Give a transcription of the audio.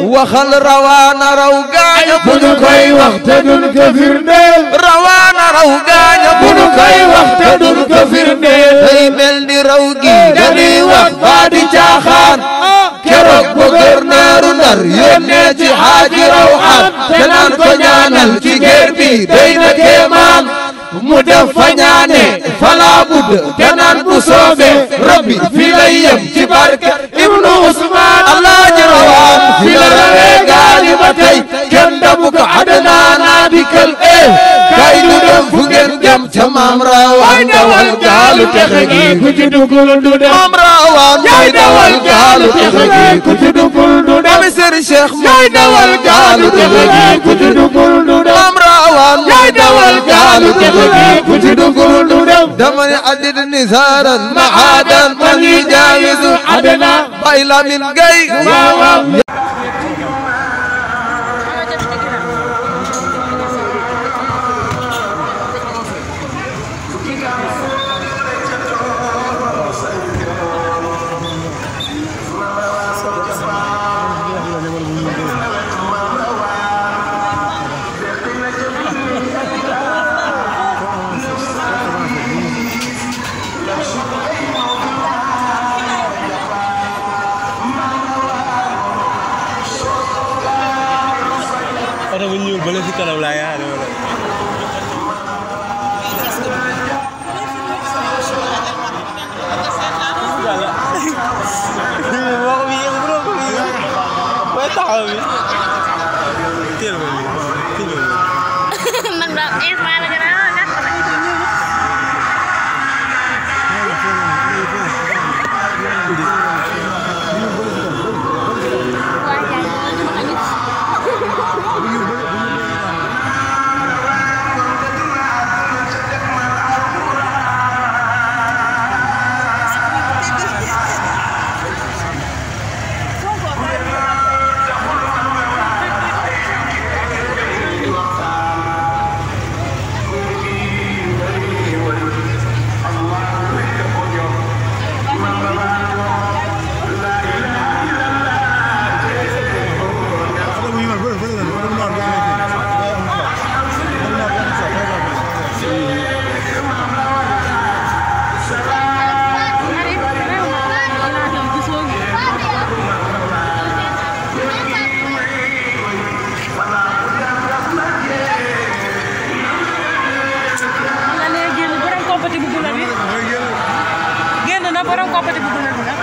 waxal rawaana raw gaaña bu nu koy wax te duñ ko firndeel rawaana raw gaaña bu nu koy wax te duñ ko firndeel day mel ni raw gi dañuy wax baa di caaxaan keroog gouverneur Ndar yónnee ci xaaji raw xaan te naan ko ñaanal ci géer bi day na kéemaan mu def fa ñaane falaa budd te naan bu soobee rabbi fii lay yem ci barke ibnu kay nu dem fu ngeen dem ca maam raawaan dawal gaalu texe gi ku texe gi ku ci duggul du du dem maam raawaan mooy dawal gaalu texe gi ku ci duggul du dem gay Para menyul boleh sih kalau layar. Mau Tiada, tiada. é um copo de gugu né?